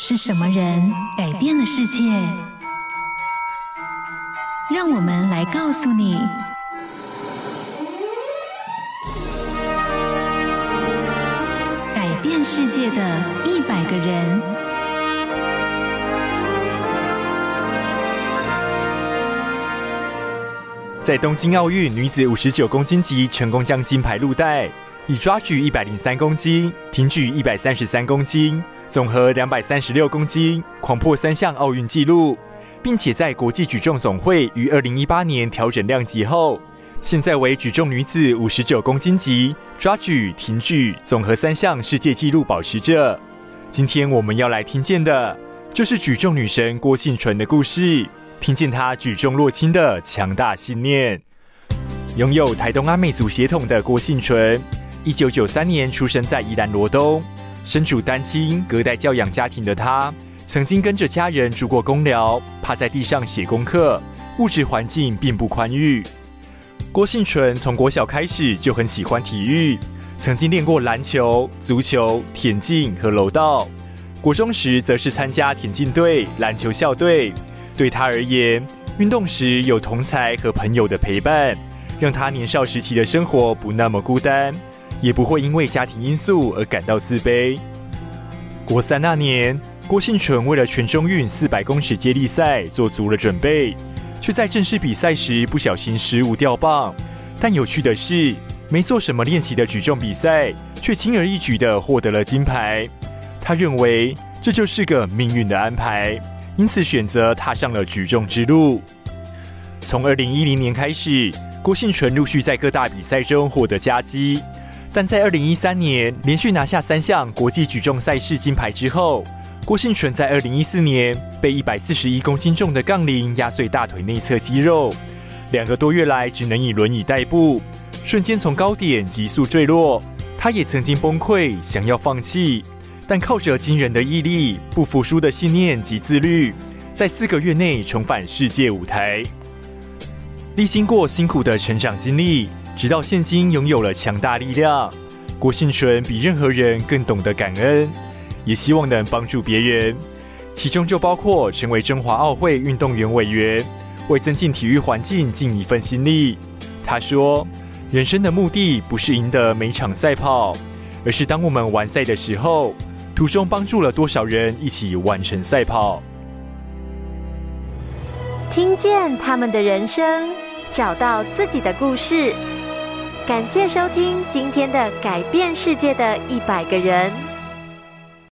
是什麼人改變了世界？讓我們來告訴你：改變世界的一百個人，在東京奧運女子五十九公斤級成功將金牌入袋。以抓舉一百零三公斤，挺舉一百三十三公斤，總和兩百三十六公斤，狂破三項奧運紀錄，並且在國際舉重總會於二零一八年調整量級後，現在為舉重女子五十九公斤級抓舉、挺舉總和三項世界紀錄保持者。今天我們要來聽見的就是舉重女神郭婞淳的故事，聽見她舉重若輕的強大信念。擁有台東阿美族血統的郭婞淳。一九九三年出生在宜蘭羅東，身處單親隔代教養家庭的他，曾經跟着家人住過工寮，趴在地上寫功課，物質環境並不寬裕。郭婞淳從國小開始就很喜歡體育，曾經練過籃球、足球、田徑和柔道。國中時則是參加田徑隊、籃球校隊。對他而言，運動時有同儕和朋友的陪伴，讓他年少時期的生活不那麼孤單。也不會因為家庭因素而感到自卑。國三那年，郭婞淳為了全中運四百公尺接力賽做足了準備，卻在正式比賽時不小心失誤掉棒。但有趣的是，沒做什麼練習的舉重比賽，卻輕而易舉的獲得了金牌。他認為這就是個命運的安排，因此選擇踏上了舉重之路。從二零一零年開始，郭婞淳陸續在各大比賽中獲得佳績。但在二零一三年連續拿下三項國際舉重賽事金牌之後，郭婞淳在二零一四年被一百四十一公斤重的槓鈴壓碎大腿內側肌肉，兩個多月來只能以輪椅代步，瞬間從高點急速墜落，他也曾經崩潰，想要放棄，但靠着驚人的毅力、不服輸的信念及自律，在四個月內重返世界舞台，歷經過辛苦的成長經歷。直到現今擁有了強大力量，郭婞淳比任何人更懂得感恩，也希望能幫助別人。其中就包括成為中華奧會運動員委員，為增進體育環境盡一份心力。他說：“人生的目的不是贏得每場賽跑，而是當我們完賽的時候，途中幫助了多少人一起完成賽跑。”聽見他們的人生，找到自己的故事。感謝收聽今天的《改變世界的一百個人》。